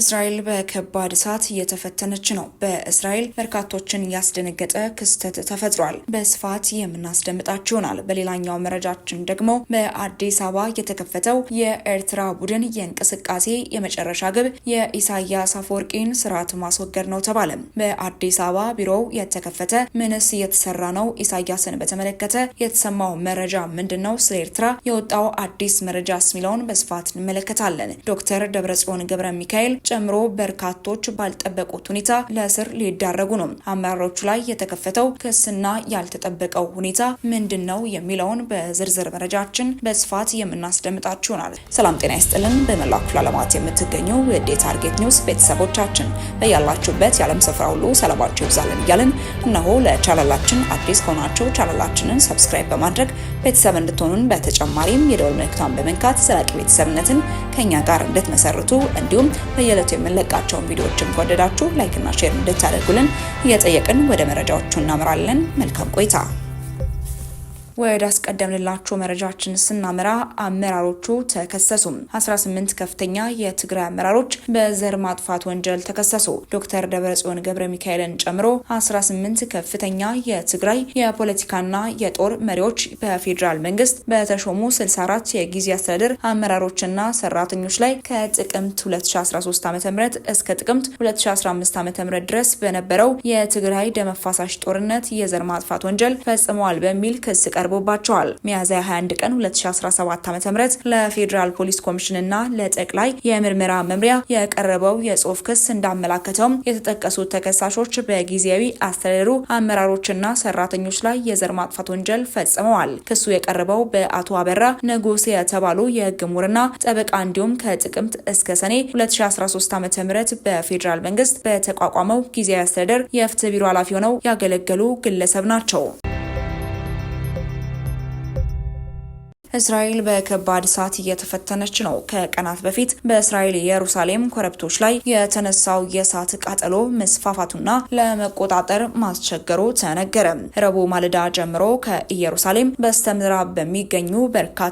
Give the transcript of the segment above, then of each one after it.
እስራኤል በከባድ እሳት እየተፈተነች ነው። በእስራኤል በርካቶችን ያስደነገጠ ክስተት ተፈጥሯል። በስፋት የምናስደምጣችሁ ይሆናል። በሌላኛው መረጃችን ደግሞ በአዲስ አበባ የተከፈተው የኤርትራ ቡድን የእንቅስቃሴ የመጨረሻ ግብ የኢሳያስ አፈወርቂን ስርዓት ማስወገድ ነው ተባለ። በአዲስ አበባ ቢሮው የተከፈተ ምንስ እየተሰራ ነው? ኢሳያስን በተመለከተ የተሰማው መረጃ ምንድን ነው? ስለ ኤርትራ የወጣው አዲስ መረጃስ ስሚለውን በስፋት እንመለከታለን። ዶክተር ደብረጽዮን ገብረ ሚካኤል ጨምሮ በርካቶች ባልጠበቁት ሁኔታ ለእስር ሊዳረጉ ነው። አመራሮቹ ላይ የተከፈተው ክስና ያልተጠበቀው ሁኔታ ምንድን ነው የሚለውን በዝርዝር መረጃችን በስፋት የምናስደምጣችሁ ይሆናል። ሰላም ጤና ይስጥልን። በመላው ክፍለ ዓለማት የምትገኙ የዴ ታርጌት ኒውስ ቤተሰቦቻችን በያላችሁበት የዓለም ስፍራ ሁሉ ሰላማችሁ ይብዛልን እያልን እነሆ ለቻናላችን አዲስ ከሆናችሁ ቻናላችንን ሰብስክራይብ በማድረግ ቤተሰብ እንድትሆኑን በተጨማሪም የደወል ምልክቷን በመንካት ዘላቂ ቤተሰብነትን ከእኛ ጋር እንድትመሰርቱ እንዲሁም በዕለቱ የምንለቃቸውን ቪዲዮዎችን ከወደዳችሁ ላይክና ሼር እንድታደርጉልን እየጠየቅን ወደ መረጃዎቹ እናምራለን። መልካም ቆይታ ወደ አስቀደምንላችሁ መረጃችን ስናመራ አመራሮቹ ተከሰሱ። 18 ከፍተኛ የትግራይ አመራሮች በዘር ማጥፋት ወንጀል ተከሰሱ። ዶክተር ደብረጽዮን ገብረ ሚካኤልን ጨምሮ 18 ከፍተኛ የትግራይ የፖለቲካና የጦር መሪዎች በፌዴራል መንግስት በተሾሙ 64 የጊዜ አስተዳደር አመራሮችና ሰራተኞች ላይ ከጥቅምት 2013 ዓ.ም እስከ ጥቅምት 2015 ዓ.ም ድረስ በነበረው የትግራይ ደመፋሳሽ ጦርነት የዘር ማጥፋት ወንጀል ፈጽመዋል በሚል ክስ ቀርቧል። ቀርቦባቸዋል። ሚያዝያ 21 ቀን 2017 ዓ.ም ለፌዴራል ፖሊስ ኮሚሽን እና ለጠቅላይ የምርመራ መምሪያ የቀረበው የጽሁፍ ክስ እንዳመላከተውም የተጠቀሱት ተከሳሾች በጊዜያዊ አስተዳደሩ አመራሮችና ሰራተኞች ላይ የዘር ማጥፋት ወንጀል ፈጽመዋል። ክሱ የቀረበው በአቶ አበራ ንጉሴ የተባሉ የህግ ምሁርና ጠበቃ እንዲሁም ከጥቅምት እስከ ሰኔ 2013 ዓ ም በፌዴራል መንግስት በተቋቋመው ጊዜያዊ አስተዳደር የፍትህ ቢሮ ኃላፊ ሆነው ያገለገሉ ግለሰብ ናቸው። እስራኤል በከባድ እሳት እየተፈተነች ነው። ከቀናት በፊት በእስራኤል ኢየሩሳሌም ኮረብቶች ላይ የተነሳው የእሳት ቃጠሎ መስፋፋቱና ለመቆጣጠር ማስቸገሩ ተነገረ። ረቡዕ ማለዳ ጀምሮ ከኢየሩሳሌም በስተምዕራብ በሚገኙ በርካታ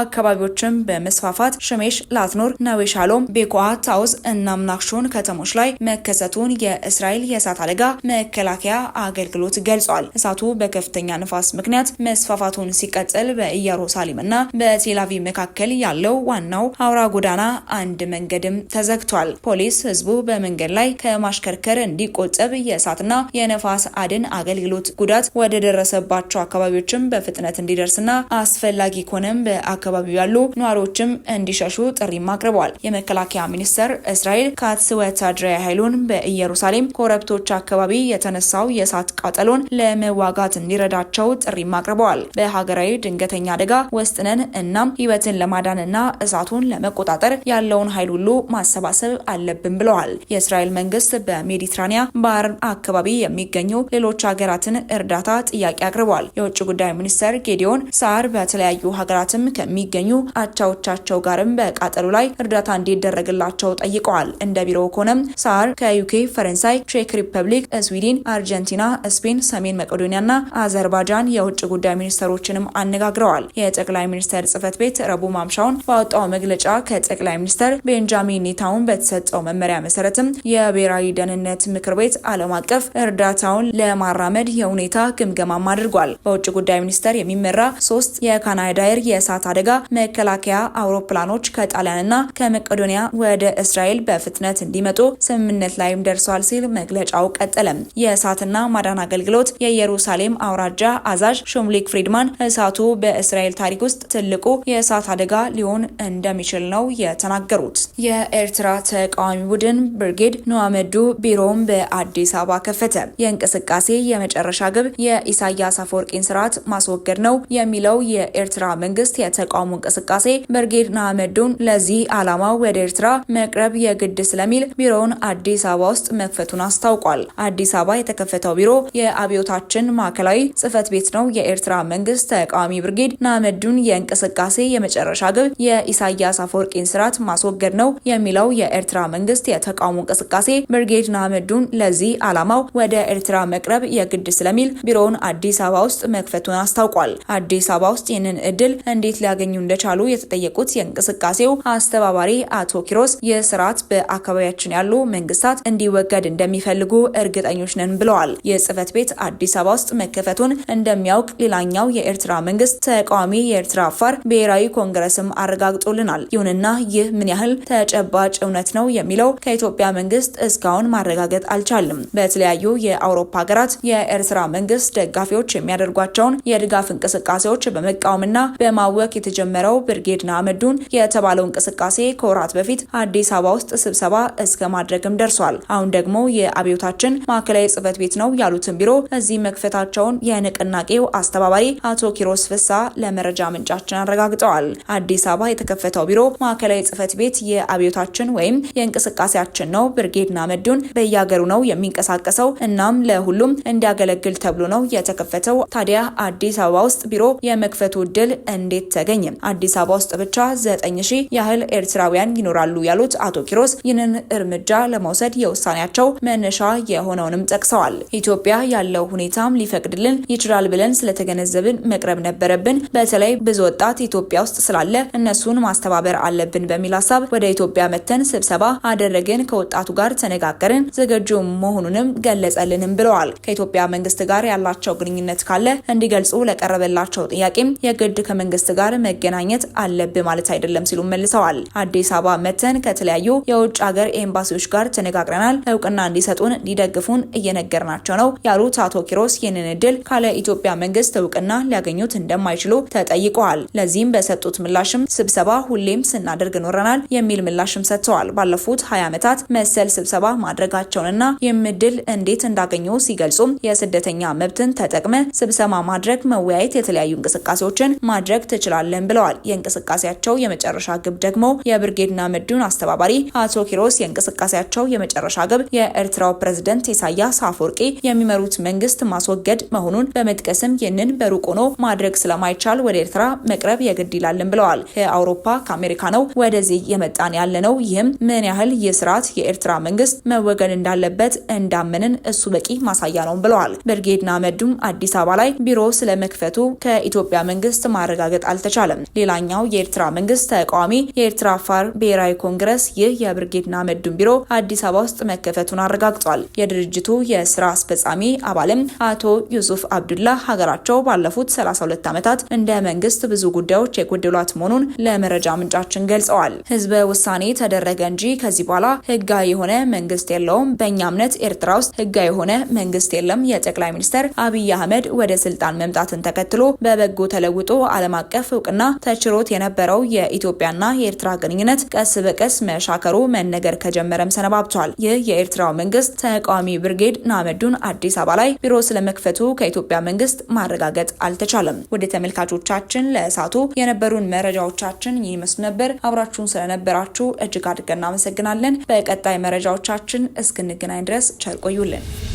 አካባቢዎችን በመስፋፋት ሽሜሽ ላትኖር፣ ነዌ ሻሎም፣ ቤኮአ፣ ታውዝ እና ናክሾን ከተሞች ላይ መከሰቱን የእስራኤል የእሳት አደጋ መከላከያ አገልግሎት ገልጿል። እሳቱ በከፍተኛ ንፋስ ምክንያት መስፋፋቱን ሲቀጥል በኢየሩሳሌም እና በቴላቪቭ መካከል ያለው ዋናው አውራ ጎዳና አንድ መንገድም ተዘግቷል። ፖሊስ ህዝቡ በመንገድ ላይ ከማሽከርከር እንዲቆጠብ የእሳትና የነፋስ አድን አገልግሎት ጉዳት ወደ ደረሰባቸው አካባቢዎችም በፍጥነት እንዲደርስና አስፈላጊ ከሆነም በአካባቢው ያሉ ነዋሪዎችም እንዲሸሹ ጥሪም አቅርበዋል። የመከላከያ ሚኒስቴር እስራኤል ካትስ ወታደራዊ ኃይሉን በኢየሩሳሌም ኮረብቶች አካባቢ የተነሳው የእሳት ቃጠሎን ለመዋጋት እንዲረዳቸው ጥሪም አቅርበዋል። በሀገራዊ ድንገተኛ አደጋ ውስጥ ውስጥ እና እናም ህይወትን ለማዳንና እሳቱን ለመቆጣጠር ያለውን ኃይል ሁሉ ማሰባሰብ አለብን ብለዋል። የእስራኤል መንግስት በሜዲትራኒያ ባህር አካባቢ የሚገኙ ሌሎች ሀገራትን እርዳታ ጥያቄ አቅርቧል። የውጭ ጉዳይ ሚኒስትር ጌዲዮን ሳር በተለያዩ ሀገራትም ከሚገኙ አቻዎቻቸው ጋርም በቃጠሉ ላይ እርዳታ እንዲደረግላቸው ጠይቀዋል። እንደ ቢሮው ከሆነም ሳር ከዩኬ፣ ፈረንሳይ፣ ቼክ ሪፐብሊክ፣ ስዊድን፣ አርጀንቲና፣ ስፔን፣ ሰሜን መቄዶኒያና አዘርባጃን የውጭ ጉዳይ ሚኒስትሮችንም አነጋግረዋል። የጠቅላይ ሚኒስቴር ጽህፈት ቤት ረቡዕ ማምሻውን ባወጣው መግለጫ ከጠቅላይ ሚኒስትር ቤንጃሚን ኔታውን በተሰጠው መመሪያ መሰረትም የብሔራዊ ደህንነት ምክር ቤት ዓለም አቀፍ እርዳታውን ለማራመድ የሁኔታ ግምገማም አድርጓል። በውጭ ጉዳይ ሚኒስቴር የሚመራ ሶስት የካናዳየር የእሳት አደጋ መከላከያ አውሮፕላኖች ከጣሊያንና ከመቄዶኒያ ወደ እስራኤል በፍጥነት እንዲመጡ ስምምነት ላይም ደርሷል ሲል መግለጫው ቀጠለም። የእሳትና ማዳን አገልግሎት የኢየሩሳሌም አውራጃ አዛዥ ሹምሊክ ፍሪድማን እሳቱ በእስራኤል ታሪክ ውስጥ ትልቁ የእሳት አደጋ ሊሆን እንደሚችል ነው የተናገሩት። የኤርትራ ተቃዋሚ ቡድን ብርጌድ ኑዋመዱ ቢሮውን በአዲስ አበባ ከፈተ። የእንቅስቃሴ የመጨረሻ ግብ የኢሳያስ አፈወርቂን ስርዓት ማስወገድ ነው የሚለው የኤርትራ መንግስት የተቃውሞ እንቅስቃሴ ብርጌድ ኑዋመዱን ለዚህ ዓላማ ወደ ኤርትራ መቅረብ የግድ ስለሚል ቢሮውን አዲስ አበባ ውስጥ መክፈቱን አስታውቋል። አዲስ አበባ የተከፈተው ቢሮ የአብዮታችን ማዕከላዊ ጽህፈት ቤት ነው። የኤርትራ መንግስት ተቃዋሚ ብርጌድ ኑዋመዱን የእንቅስቃሴ የመጨረሻ ግብ የኢሳያስ አፈወርቂን ስርዓት ማስወገድ ነው የሚለው የኤርትራ መንግስት የተቃውሞ እንቅስቃሴ ብርጌድ ናህመዱን ለዚህ ዓላማው ወደ ኤርትራ መቅረብ የግድ ስለሚል ቢሮውን አዲስ አበባ ውስጥ መክፈቱን አስታውቋል። አዲስ አበባ ውስጥ ይህንን እድል እንዴት ሊያገኙ እንደቻሉ የተጠየቁት የእንቅስቃሴው አስተባባሪ አቶ ኪሮስ ይህ ስርዓት በአካባቢያችን ያሉ መንግስታት እንዲወገድ እንደሚፈልጉ እርግጠኞች ነን ብለዋል። የጽህፈት ቤት አዲስ አበባ ውስጥ መከፈቱን እንደሚያውቅ ሌላኛው የኤርትራ መንግስት ተቃዋሚ ኤርትራ አፋር ብሔራዊ ኮንግረስም አረጋግጦልናል። ይሁንና ይህ ምን ያህል ተጨባጭ እውነት ነው የሚለው ከኢትዮጵያ መንግስት እስካሁን ማረጋገጥ አልቻልም። በተለያዩ የአውሮፓ ሀገራት የኤርትራ መንግስት ደጋፊዎች የሚያደርጓቸውን የድጋፍ እንቅስቃሴዎች በመቃወምና በማወክ የተጀመረው ብርጌድ ንሓመዱን የተባለው እንቅስቃሴ ከወራት በፊት አዲስ አበባ ውስጥ ስብሰባ እስከ ማድረግም ደርሷል። አሁን ደግሞ የአብዮታችን ማዕከላዊ ጽህፈት ቤት ነው ያሉትን ቢሮ እዚህ መክፈታቸውን የንቅናቄው አስተባባሪ አቶ ኪሮስ ፍሳ ለመረጃ ምንጫችን አረጋግጠዋል። አዲስ አበባ የተከፈተው ቢሮ ማዕከላዊ ጽህፈት ቤት የአብዮታችን ወይም የእንቅስቃሴያችን ነው። ብርጌድ ንሓመዱን በየሀገሩ ነው የሚንቀሳቀሰው፣ እናም ለሁሉም እንዲያገለግል ተብሎ ነው የተከፈተው። ታዲያ አዲስ አበባ ውስጥ ቢሮ የመክፈቱ እድል እንዴት ተገኘ? አዲስ አበባ ውስጥ ብቻ ዘጠኝ ሺህ ያህል ኤርትራውያን ይኖራሉ ያሉት አቶ ኪሮስ ይህንን እርምጃ ለመውሰድ የውሳኔያቸው መነሻ የሆነውንም ጠቅሰዋል። ኢትዮጵያ ያለው ሁኔታም ሊፈቅድልን ይችላል ብለን ስለተገነዘብን መቅረብ ነበረብን። በተለይ ብዙ ወጣት ኢትዮጵያ ውስጥ ስላለ እነሱን ማስተባበር አለብን በሚል ሀሳብ ወደ ኢትዮጵያ መተን ስብሰባ አደረግን። ከወጣቱ ጋር ተነጋገርን፣ ዝግጁ መሆኑንም ገለጸልንም ብለዋል። ከኢትዮጵያ መንግስት ጋር ያላቸው ግንኙነት ካለ እንዲገልጹ ለቀረበላቸው ጥያቄም የግድ ከመንግስት ጋር መገናኘት አለብን ማለት አይደለም ሲሉ መልሰዋል። አዲስ አበባ መተን ከተለያዩ የውጭ ሀገር ኤምባሲዎች ጋር ተነጋግረናል። እውቅና እንዲሰጡን እንዲደግፉን እየነገርናቸው ነው ያሉት አቶ ኪሮስ ይህንን እድል ካለ ኢትዮጵያ መንግስት እውቅና ሊያገኙት እንደማይችሉ ተጠይቋል። አድርገዋል። ለዚህም በሰጡት ምላሽም ስብሰባ ሁሌም ስናደርግ ኖረናል የሚል ምላሽም ሰጥተዋል። ባለፉት ሀያ ዓመታት መሰል ስብሰባ ማድረጋቸውንና የምድል እንዴት እንዳገኙ ሲገልጹም የስደተኛ መብትን ተጠቅመ ስብሰባ ማድረግ፣ መወያየት፣ የተለያዩ እንቅስቃሴዎችን ማድረግ ትችላለን ብለዋል። የእንቅስቃሴያቸው የመጨረሻ ግብ ደግሞ የብርጌድና ምድን አስተባባሪ አቶ ኪሮስ የእንቅስቃሴያቸው የመጨረሻ ግብ የኤርትራው ፕሬዝደንት ኢሳያስ አፈወርቂ የሚመሩት መንግስት ማስወገድ መሆኑን በመጥቀስም ይህንን በሩቅ ሆኖ ማድረግ ስለማይቻል ወደ ኤርትራ መቅረብ የግድ ይላልን ብለዋል። ከአውሮፓ ከአሜሪካ ነው ወደዚህ የመጣን ያለ ነው። ይህም ምን ያህል የስርዓት የኤርትራ መንግስት መወገድ እንዳለበት እንዳመንን እሱ በቂ ማሳያ ነው ብለዋል። ብርጌድ ንሓመዱም አዲስ አበባ ላይ ቢሮ ስለመክፈቱ ከኢትዮጵያ መንግስት ማረጋገጥ አልተቻለም። ሌላኛው የኤርትራ መንግስት ተቃዋሚ የኤርትራ አፋር ብሔራዊ ኮንግረስ ይህ የብርጌድ መዱም ቢሮ አዲስ አበባ ውስጥ መከፈቱን አረጋግጧል። የድርጅቱ የስራ አስፈጻሚ አባልም አቶ ዩሱፍ አብዱላ ሀገራቸው ባለፉት 32 ዓመታት እንደ መንግስት መንግስት ብዙ ጉዳዮች የጎደሏት መሆኑን ለመረጃ ምንጫችን ገልጸዋል። ህዝበ ውሳኔ ተደረገ እንጂ ከዚህ በኋላ ህጋዊ የሆነ መንግስት የለውም። በእኛ እምነት ኤርትራ ውስጥ ህጋዊ የሆነ መንግስት የለም። የጠቅላይ ሚኒስትር አብይ አህመድ ወደ ስልጣን መምጣትን ተከትሎ በበጎ ተለውጦ ዓለም አቀፍ እውቅና ተችሮት የነበረው የኢትዮጵያና የኤርትራ ግንኙነት ቀስ በቀስ መሻከሩ መነገር ከጀመረም ሰነባብቷል። ይህ የኤርትራው መንግስት ተቃዋሚ ብርጌድ ናመዱን አዲስ አበባ ላይ ቢሮ ስለመክፈቱ ከኢትዮጵያ መንግስት ማረጋገጥ አልተቻለም። ወደ ተመልካቾቻችን መረጃዎቻችን ለእሳቱ የነበሩን መረጃዎቻችን ይመስሉ ነበር። አብራችሁን ስለነበራችሁ እጅግ አድርገን እናመሰግናለን። በቀጣይ መረጃዎቻችን እስክንገናኝ ድረስ ቸር ቆዩልን።